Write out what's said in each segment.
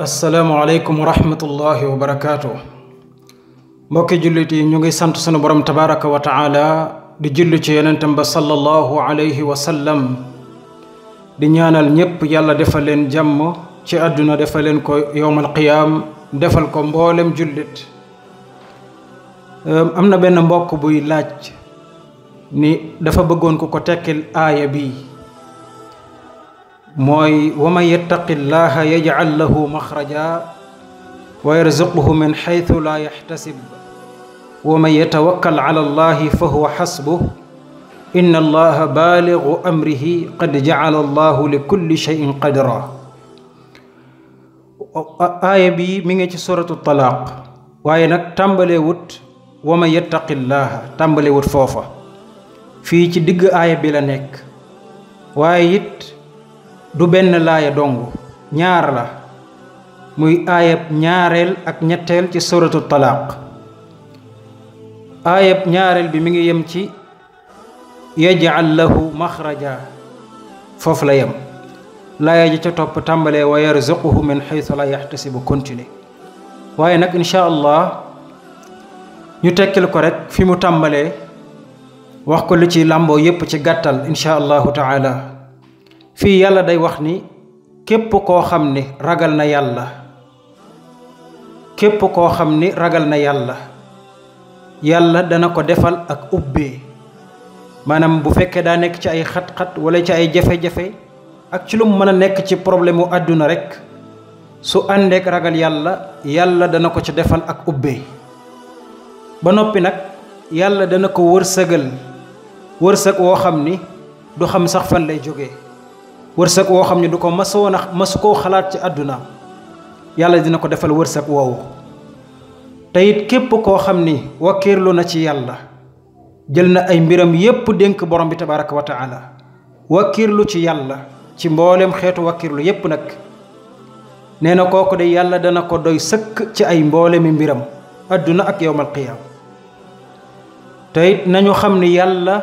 asalaamualeykum wa rahmatullahi wa barakaatu. mbokki jullit yi ñu ngi sant sunu borom tabaraka wa taala di julli ci yonentam ba sallallahu alayhi wa sallam di ñaanal ñépp yàlla defal leen jàmm ci àdduna defal leen ko yowmal qiyaam defal ko mboolem jullit am na benn mbokk buy laaj ni dafa bëggoon ku ko tekkil aaya bi mooy wa man yattaqi llaha yajcal lahu maxraja wa yarzuqhu min xaytu laa yaxtasib wa man yatawakkal ala fa huwa xasbuh inna allaha baaligu amrihi qad jacala allahu li kulli cheyin qadra aaya bi mi ngi ci suratu talaaq waaye nag tàmbalee wut wa man yattaqi foofa fii ci digg aaya bi la nekk waaye it du benn laaya dong ñaar la muy aayab ñaareel ak ñetteel ci suratu talaaq aayab ñaareel bi mi ngi yem ci yaj'al lahu maxraja foofu la yem laaya ji ca topp tàmbalee wa yarzuquhu min xaytu la yaxtasibu continue waaye nag incha allah ñu tekkil ko rek fi mu tàmbalee wax ko li ci làmboo yépp ci gàttal incha allahu ta'ala fii yàlla day wax ni képp koo xam ni ragal na yàlla képp koo xam ni ragal na yàlla yàlla dana ko defal ak ubbee maanaam bu fekkee daa nekk ci ay xat-xat wala ci ay jafe-jafe ak ci lu mu mën a nekk ci problème mu àdduna rekk su àndeek ragal yàlla yàlla dana ko ci defal ak ubbee ba noppi nag yàlla dana ko wërsëgal wërsëg woo xam ni du xam sax fan lay jóge wërsëg woo xam ne du ko masoon a masu koo xalaat ci àdduna yàlla dina ko defal wërsëg woowu te it képp koo xam ni wakkiirlu na ci yàlla jël na ay mbiram yépp dénk borom bi tabaraka wa taala wakkiirlu ci yàlla ci mboolem xeetu wakkiirlu yépp nag nee na kooku de yàlla dana ko doy sëkk ci ay mboolemi mbiram àdduna ak yowmal qiyaam te it nañu xam ni yàlla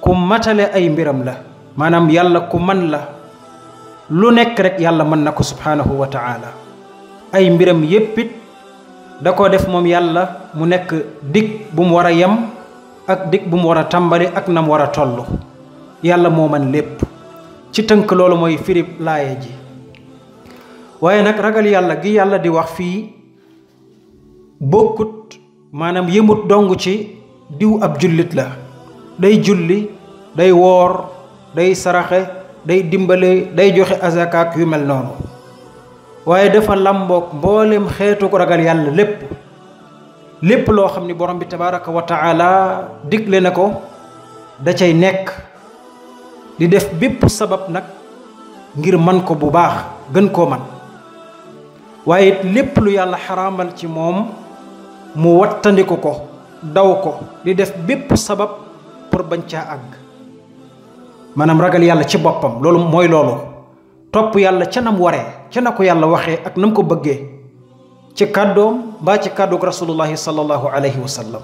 ku matale ay mbiram la maanaam yàlla ku man la lu nekk rek yàlla mën na ko subhaanahu wa ay mbiram yéppit da ko def moom yàlla mu nekk dikk bu mu war a yem ak dig bu mu war a tàmbali ak nam war a toll yàlla moo man lépp ci tënk loolu mooy firi laaya ji waaye nag ragal yàlla gi yàlla di wax fii bokkut maanaam yëmut dong ci diw ab jullit la day julli day woor day saraxe day dimbale day joxe azakaak yu mel noonu waaye dafa làmboog mboolem xeetu ko ragal yàlla lépp lépp loo xam ni borom bi tabaraka wa taala digle na ko da cay nekk di def bépp sabab nag ngir man ko bu baax gën koo man waaye lépp lu yàlla xaraamal ci moom mu wattandiku ko daw ko di def bépp sabab pour bañ caa àgg maanaam ragal yàlla ci boppam loolu mooy loolu topp yàlla ca nam waree ca na ko yàlla waxee ak nam ko bëggee ci kàddoom mbaa ci kàddoog rasulullahi sallallahu alayhi wa sallam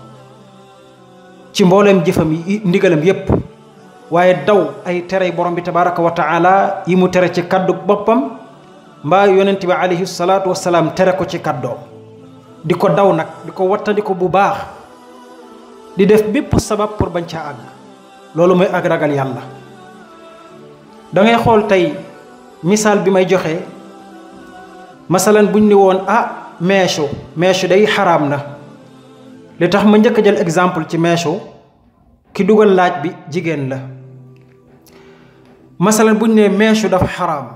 ci mbooleem jëfam yi ndigalam yépp waaye daw ay tere borom bi tabaraka wa taala yi mu tere ci kàddu boppam mbaa yonent bi alayhi salaatu wasalaam tere ko ci kàddoom di ko daw nag di ko wattandiku bu baax di def bépp sabab pour bañ caa àgg loolu mooy ak ragal yàlla da xool tey misaal bi may joxe masalan buñ ni woon ah meesu meesu day xaraam na li tax ma njëkk a jël exemple ci meesu ki dugal laaj bi jigéen la masalan buñ nee meesu dafa xaraam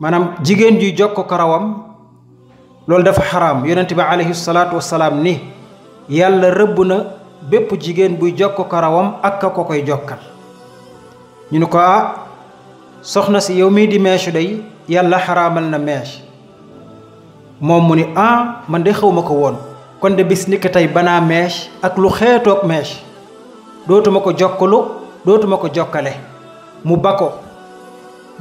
maanaam jigéen juy jox ko karawam loolu dafa xaraam yonent bi alayhi salaatu wasalaam ni yàlla rëbb na bépp jigéen buy jokk karawam ak ka ko koy jokkal ñu ne ko ah soxna si yow mii di meesu day yàlla xaraamal na mees moom mu ni ah man de xaw ko woon kon de bis ni tey banaa mees ak lu xeetoog mees dootuma ko jokkalu dootuma ko jokkale mu ba ko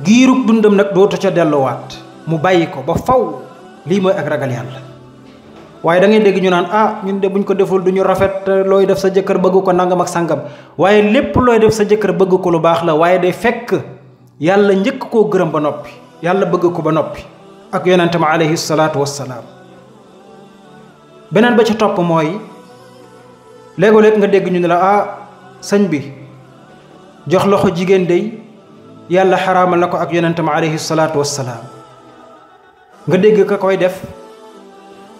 giirug dundam nag dootu ca delluwaat mu bàyyi ko ba faw lii mooy ak ragal yàlla waaye da dégg ñu naan ah ñun de buñ ko deful du ñu rafet looy def sa jëkkër bëgg ko nangam ak sàngam waaye lépp looy def sa jëkkër bëgg ko lu baax la waaye day fekk yàlla njëkk koo gërëm ba noppi yàlla bëgg ko ba noppi ak yonentam alayhi salaatu wassalaam beneen ba ci topp mooy léegoo-léeg nga dégg ñu ne la ah sëñ bi jox loxo jigéen day yàlla xaraamal na ko ak yonentam alayhi salaatu wassalaam nga dégg ka koy def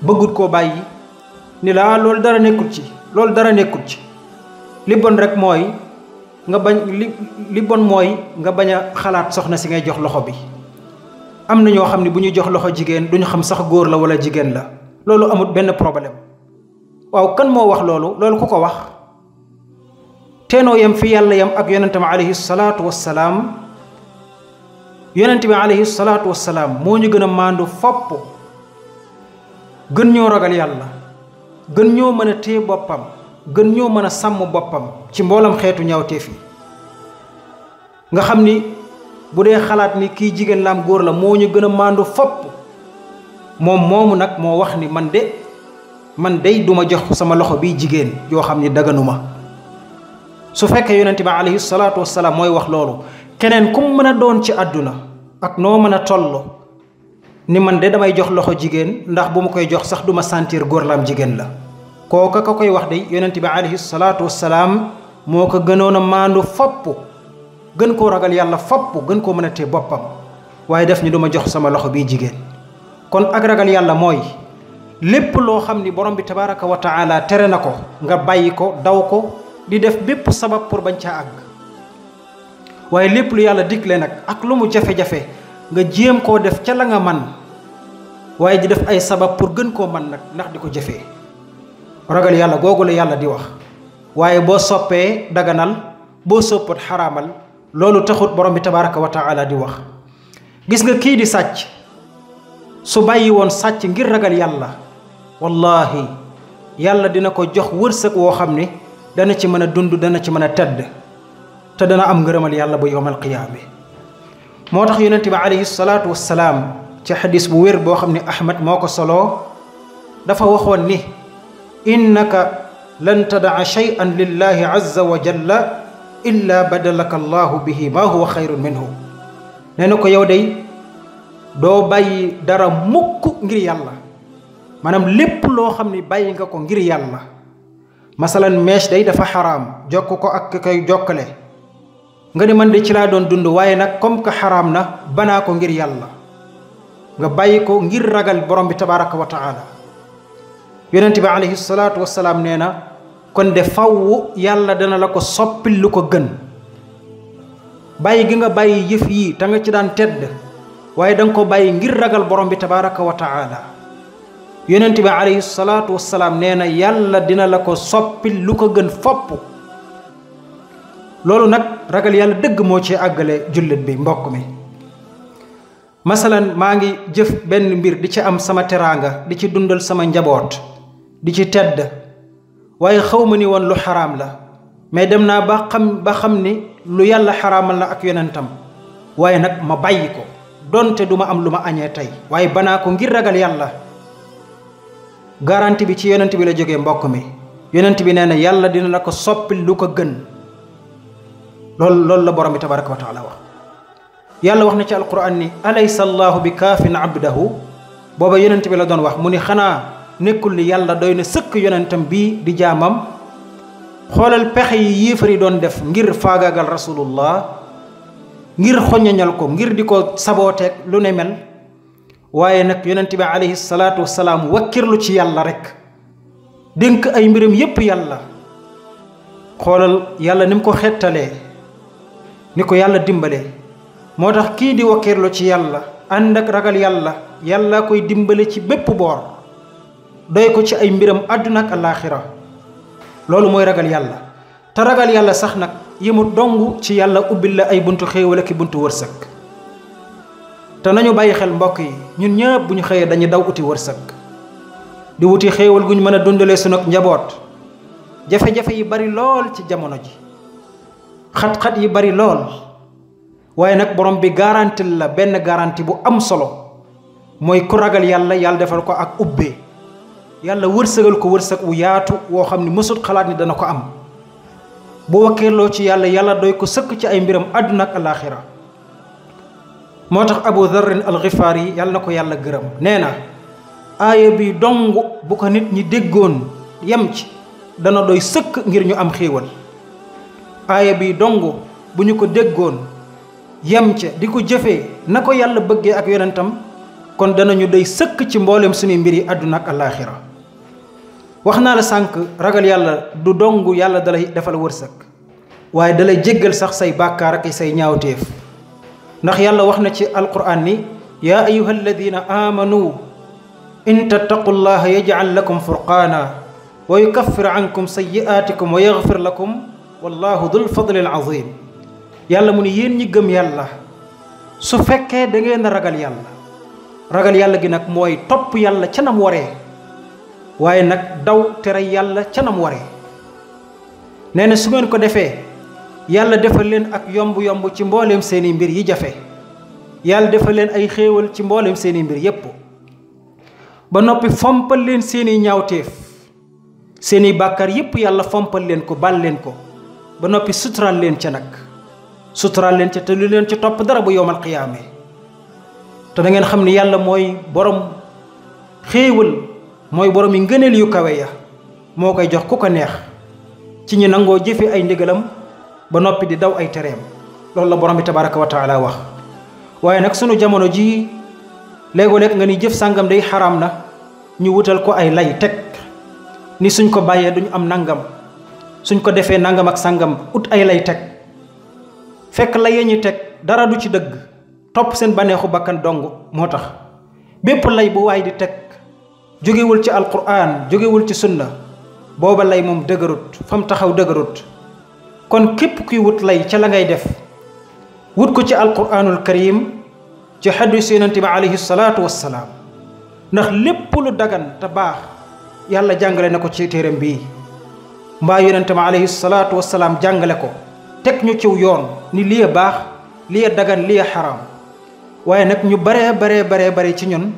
bëggut koo bàyyi ni la ah loolu dara nekkul ci loolu dara nekkul ci li bon rek mooy nga bañ li li bon mooy nga bañ a xalaat soxna si ngay jox loxo bi am na ñoo xam ne bu ñuy jox loxo jigéen duñu xam sax góor la wala jigéen la loolu amul benn problème waaw kan moo wax loolu loolu ku ko wax teenoo yam fi yàlla yam ak yonente bi alayhi salaatu wassalaam yonente bi alayhi salaatu wassalaam moo ñu gën a maandu fopp gën ñoo ragal yàlla gën ñoo mën a téye boppam gën ñoo mën a sàmm boppam ci mboolam xeetu ñaawteef yi nga xam ni bu dee xalaat ni kii jigéen laam góor la moo ñu gën a màndu fopp moom moomu nag moo wax ni man de man day duma jox sama loxo bi jigéen yoo xam ni daganuma su fekkee yonente bi alayhi salaatu wasalaam mooy wax loolu keneen kum mën a doon ci àdduna ak noo mën a toll ni man de damay jox loxo jigéen ndax bu ma koy jox sax duma santiir góor laam jigéen la kooka ko koy wax de yonent bi alayhi salaatu wassalaam moo ko gënoon a maandu fopp gën koo ragal yàlla fopp gën koo mën a tee boppam waaye def ñu duma jox sama loxo bii jigéen kon ak ragal yàlla mooy lépp loo xam ni borom bi tabaraka wa taala tere na ko nga bàyyi ko daw ko di def bépp sabab pour bañ caa àgg waaye lépp lu yàlla digle nag ak lu mu jafe-jafe nga jéem koo def ca la nga man waaye di def ay sabab pour gën koo man nag ndax di ko jëfee ragal yàlla googu la yàlla di wax waaye boo soppee daganal boo soppat xaramal loolu taxut borom bi tabaraka wa taala di wax gis nga kii di sàcc su bàyyi woon sàcc ngir ragal yàlla wallaahi yàlla dina ko jox wërsëg woo xam ni dana ci mën a dund dana ci mën a tedd te dana am ngërëmal yàlla ba yowmal qiyaame moo tax yonent bi alayhi salaatu wassalaam ci xadis bu wér boo xam ne ahmad moo ko soloo dafa waxoon ni innaka lan tadaa shay'an lillahi azza wa jalla illa badalaka allahu bihi maa huwa xayrun minhu nee na ko yow day doo bàyyi dara mukk ngir yàlla maanaam lépp loo xam ni bàyyi nga ko ngir yàlla masalan mèche day dafa xaraam jokk ko ak koy jokkale nga ne man de ci laa doon dund waaye nag comme que xaraam na banaa ko ngir yàlla nga bàyyi ko ngir ragal borom bi tabaraka wa taala yonent bi alayhi salaatu salaam nee na kon de faw yàlla dana la ko soppil lu ko gën bàyyi gi nga bàyyi yëf yii te nga ci daan tedd waaye danga nga ko bàyyi ngir ragal borom bi tabaraka wa taala yonent bi alayhi salaatu wasalaam nee na yàlla dina la ko soppil lu ko gën fopp loolu nag ragal yàlla dëgg moo ci àggale jullit bi mbokk mi masalan maa ngi jëf benn mbir di ci am sama teraanga di ci dundal sama njaboot di ci tedd waaye xaw ma ni woon lu xaraam la mais dem naa ba xam ba xam ni lu yàlla xaraamal la ak yonentam waaye nag ma bàyyi ko donte duma am lu ma añee tey waaye banaa ko ngir ragal yàlla garanti bi ci yonent bi la jóge mbokk mi yonent bi nee na yàlla dina la ko soppil lu ko gën loolu loolu la borom bi tabaraka wa taala wax yàlla wax na ci alquran ni alaysa allahu bi kaafin abdahu booba yonent bi la doon wax mu ni xanaa nekkul li yàlla doy na sëkk yonentam bi di jaamam xoolal pexe yi yéefari doon def ngir faagaagal rasulullah ngir xoñoñal ko ngir di ko sabooteeg lu ne mel waaye nag yonent bi alayhi salaatu wasalaam wakkirlu ci yàlla rek dénk ay mbiram yépp yàlla xoolal yàlla ni mu ko xettalee ni ko yàlla dimbale moo tax kii di wakkirlu ci yàlla ànd ak ragal yàlla yàlla koy dimbale ci bépp boor doy ko ci ay mbiram àdduna ak alaaxira loolu mooy ragal yàlla te ragal yàlla sax nag yi mu dong ci yàlla ubbil la ay buntu xéewal ak i buntu wërsëg te nañu bàyyi xel mbokk yi ñun ñëpp bu ñu xëyee dañuy daw uti wërsëg di wuti xéewal gu ñu mën a dundalee sunu njaboot jafe-jafe yi bari lool ci jamono ji xat-xat yi bari lool waaye nag borom bi garanti la benn garanti bu am solo mooy ku ragal yàlla yàlla defal ko ak ubbee yàlla wërsëgal ko wërsëg wu yaatu woo xam ni mësul xalaat ni dana ko am bu wakkeeloo ci yàlla yàlla doy ko sëkk ci ay mbiram àdduna ak alaaxira moo tax abu dharrin alxifaari yi yàlla na ko yàlla gërëm nee na aaya bi dong bu ko nit ñi déggoon yem ci dana doy sëkk ngir ñu am xéewal aaya bi dong bu ñu ko déggoon yem ca di ko jëfee na ko yàlla bëggee ak yonentam kon danañu doy sëkk ci mboolem suñuy mbir yi àdduna ak alaaxira wax naa la sànq ragal yàlla du dong yàlla dalay defal wërsëg waaye dalay jéggal sax say bàkkaar ak say ñaawteef ndax yàlla wax na ci alquran ni yaa ayuha alladina aamanu in tattaqullaha yajcal lakum furqaana wa yukaffir ankum sayiaatikum wa yaxfir lakum wallahu dul fadli alazim yàlla mu ne yéen ñi gëm yàlla su fekkee da ngeen ragal yàlla ragal yàlla gi nag mooy topp yàlla ca nam waree waaye nag daw tere yàlla ca nam waree nee na su ngeen ko defee yàlla defal leen ak yomb-yomb ci mbooleem seeni mbir yi jafe yàlla defal leen ay xéewal ci mbooleem seeni mbir yépp ba noppi fompal leen seeni ñaawteef seeni bàkkaar yépp yàlla fompal leen ko bal leen ko ba noppi suturaal leen ca nag suturaal leen ca te lu leen ci topp dara bu yowmal qiyaamee te da xam ne yàlla mooy borom xéewal mooy borom yi ngëneel yu kawe ya moo koy jox ku ko neex ci ñi nangoo jëfe ay ndigalam ba noppi di daw ay tereem loolu la borom bi tabaraka wa taala wax waaye nag sunu jamono ji léegoo nga ni jëf sàngam day xaraam na ñu wutal ko ay lay teg ni suñ ko bàyyee duñu am nangam suñ ko defee nangam ak sàngam ut ay lay teg fekk la yee ñu teg dara du ci dëgg topp seen baneexu bakkan dong moo tax bépp lay bu waay di teg jógewul ci alquran jógewul ci sunna booba lay moom dëgërut fam taxaw dëgërut kon képp kuy wut lay ca la ngay def wut ko ci alquranul karim ci xadisu yonent bi alayhi salaatu wassalaam ndax lépp lu dagan te baax yàlla jàngale na ko ci téere bii mbaa yonent bi alayhi salaatu jàngale ko teg ñu ciw yoon ni lii baax lii dagan lii xaraam waaye nag ñu baree baree baree bare ci ñun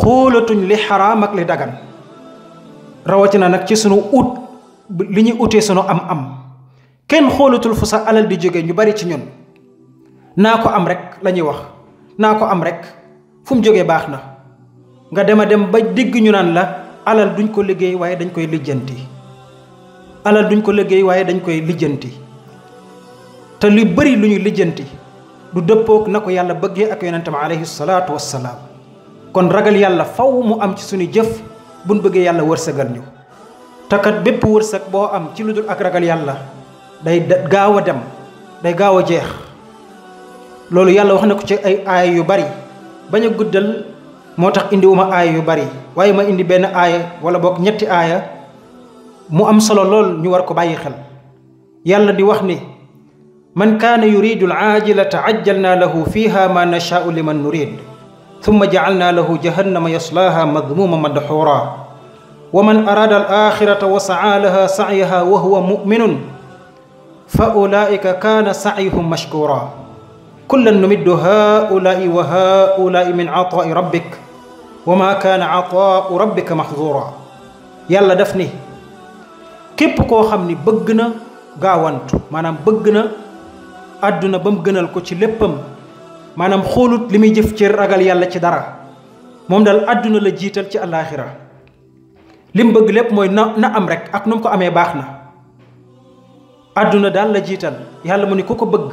xoolatuñ li xaraam ak li dagan rawatina nag ci sunu ut li ñuy utee sunu am-am kenn xoolatul fu sa alal di jóge ñu bari ci ñun naa ko am rek la ñuy wax naa ko am rek fu mu jógee baax na nga dem a dem ba digg ñu naan la alal duñ ko liggéey waaye dañ koy lijjanti alal duñ ko liggéey waaye dañ koy lijjanti te lu bari lu ñu lijjanti du dëppook na ko yàlla bëggee ak yonentam alayhi salaatu wassalaam kon ragal yàlla faw mu am ci suñu jëf buñ bëggee yàlla wërsëgal ñu takkat bépp wërsëg boo am ci lu dul ak ragal yàlla day gaaw a dem day gaaw a jeex loolu yàlla wax na ko ci ay aaya yu bari bañ a guddal moo tax indiwuma aaya yu bari waaye ma indi benn aaya wala boog ñetti aaya mu am solo lool ñu war ko bàyyi xel yàlla di wax ni man yu kaana yuridu al aajilata ajjalna lahu fiha ma nashaau liman nurid ثم جعلنا له جهنم يصلاها مذموما مدحورا ومن أراد الآخرة وسعى لها سعيها وهو مؤمن فأولئك كان سعيهم مشكورا كلا نمد هؤلاء وهؤلاء من عطاء ربك وما كان عطاء ربك محظورا yàlla daf ni képp koo xam ni bëgg na gaawantu maanaam bëgg na àdduna ba mu gënal ko ci léppam maanaam xoolut li muy jëf ci ragal yàlla ci dara moom daal àdduna la jiital ci àllaaxira lim bëgg lépp mooy na na am rek ak nu mu ko amee baax na àdduna daal la jiital yàlla mu ni ku ko bëgg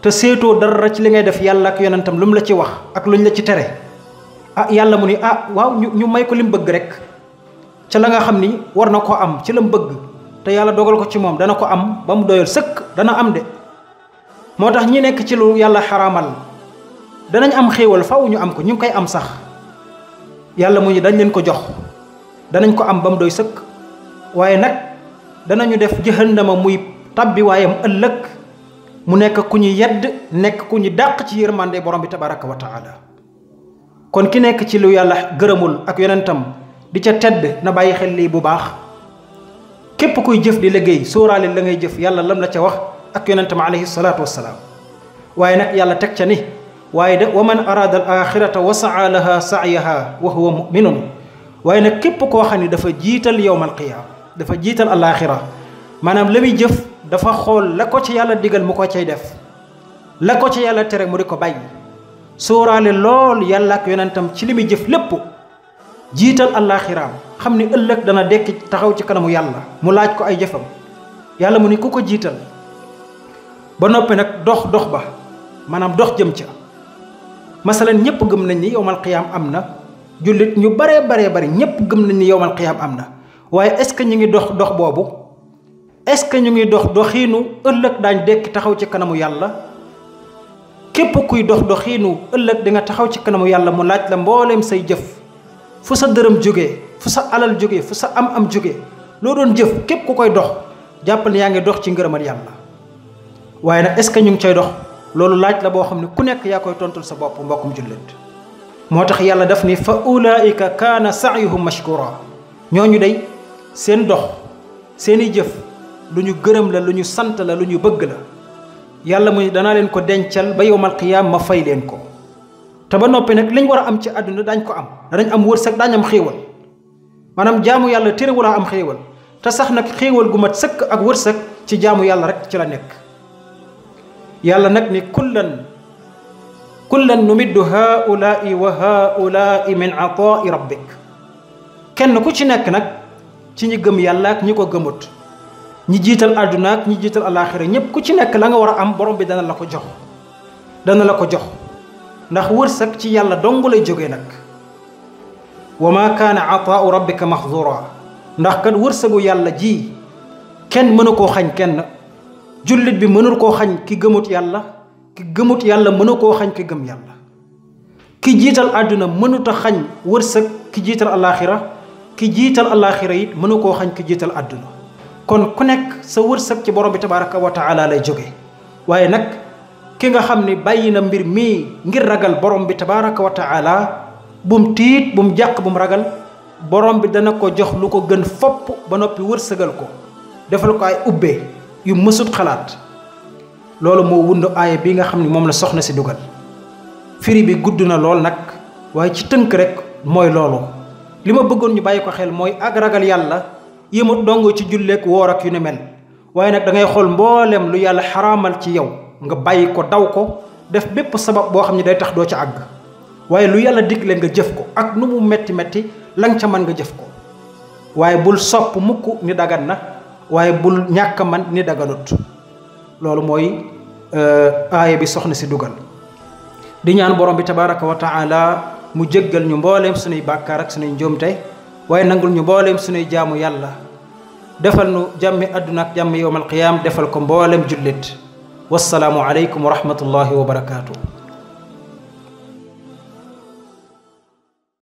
te seetoo dara ci li ngay def yàlla ak yonentam lu mu la ci wax ak luñ la ci tere ah yàlla mu ni ah waaw ñu ñu may ko lim bëgg rek ca la nga xam ni war na ko am ci lam bëgg te yàlla dogal ko ci moom dana ko am ba mu doyal sëkk dana am de moo tax ñi nekk ci lu yàlla xaraamal danañ am xéewal faw ñu am ko ñu koy am sax yàlla mu ñu dañ leen ko jox danañ ko am ba mu doy sëkk waaye nag danañu def jëhannama muy tàbbiwaayam ëllëg mu nekk ku ñu yedd nekk ku ñu dàq ci yërmande borom bi tabaraka wa kon ki nekk ci lu yàlla gërëmul ak yonentam di ca tedd na bàyyi xel lii bu baax képp kuy jëf di liggéey sóoraale la ngay jëf yàlla lam la ca wax ak yonentam alayhi salaatu wassalaam waaye nag yàlla teg ca ni waaye de wa man araada al axirata wa saa laha wa huwa muminun waaye nag képp koo xam ne dafa jiital yowm al dafa jiital alaaxira maanaam la muy jëf dafa xool la ci yàlla digal mu ko cay def la ci yàlla tere mu di ko bàyyi sóoraale lool yàlla ak yonentam ci li muy jëf lépp jiital alaaxiraam xam ni ëllëg dana dekki taxaw ci kanamu yàlla mu laaj ko ay jëfam yàlla mu ni ku ko jiital ba noppi nag dox dox ba maanaam dox jëm ca masalan ñëpp gëm nañ ni yowmal qiyaam am na jullit ñu baree baree bari ñëpp gëm nañ ni yowmal qiyaam am na waaye est-ce que ñu ngi dox dox boobu est-ce que ñu ngi dox doxiinu ëllëg daañ dekki taxaw ci kanamu yàlla képp kuy dox doxiinu ëllëg di nga taxaw ci kanamu yàlla mu laaj la mbooleem say jëf fu sa dërëm jóge fu sa alal jóge fu sa am am jógee loo doon jëf képp ku koy dox jàppal yaa ngi dox ci ngërëmal yàlla waaye nag est-ce que ñu ngi cay dox loolu laaj la boo xam ne ku nekk yaa koy tontul sa bopp mbokkum jullit moo tax yàlla daf nii fa ulaika kaana saayuhum mashkura ñu day seen dox seeni jëf lu ñu gërëm la lu ñu sant la lu ñu bëgg la yàlla muy danaa leen ko dencal ba yowmal qiyaam ma fay leen ko te ba noppi nag liñ war a am ci àdduna dañ ko am danañ am wërsëg daañ am xéewal maanaam jaamu yàlla téréwulaa am xéewal te sax nag xéewal gu mat sëkk ak wërsëg ci jaamu yàlla rek ci la nekk yàlla nag ni kullan kullan numiddu haulaai wa haulaai min ataai rabbik kenn ku ci nekk nag ci ñi gëm yàlla ak ñi ko gëmut ñi jiital àdduna ak ñi jiital alaaxira ñépp ku ci nekk langa war a am borom bi dana la ko jox dana la ko jox ndax wërsëg ci yàlla dong lay jógee nag wa ma kaana ataau rabbika mahduraa ndax kat wërsëgu yàlla ji kenn mënu koo xañ kenn jullit bi mënul koo xañ ki gëmut yàlla ki gëmut yàlla mënu koo xañ ki gëm yàlla ki jiital àdduna mënut a xañ wërsëg ki jiital alaaxira ki jiital alaaxira it mënu koo xañ ki jiital àdduna kon ku nekk sa wërsëg ci borom bi tabaraka wa taala lay jóge waaye nag ki nga xam ni bàyyi na mbir mii ngir ragal borom bi tabaraka wa taala bum tiit bum jàq bum ragal borom bi dana ko jox lu ko gën fopp ba noppi wërsëgal ko defal ko ay ubbee yu mësut xalaat loolu moo wund aaya bi nga xam ne moom la soxna si dugal firi bi gudd na lool nag waaye ci tënk rek mooy loolu li ma bëggoon ñu bàyyi ko xel mooy ak ragal yàlla yëmut dong ci julleek woor ak yu ne mel waaye nag dangay xool mbooleem lu yàlla xaraamal ci yow nga bàyyi ko daw ko def bépp sabab boo xam ne day tax doo ci àgg waaye lu yàlla leen nga jëf ko ak nu mu metti metti la ca man nga jëf ko waaye bul sopp mukk ni dagan na waaye bul ñàkk man ni daganut loolu mooy euh, aaya bi soxna si dugal di ñaan borom bi tabaraka wa taala mu jëggal ñu mbooleem sunuy bàkkaar ak sunuy njuumte waaye nangul ñu mbooleem sunuy jaamu yàlla defal nu jàmmi àdduna ak jàmmi yowmal qiyaam defal ko mbooleem jullit wassalaamu aleykum wa rahmatullahi wa barakaatu.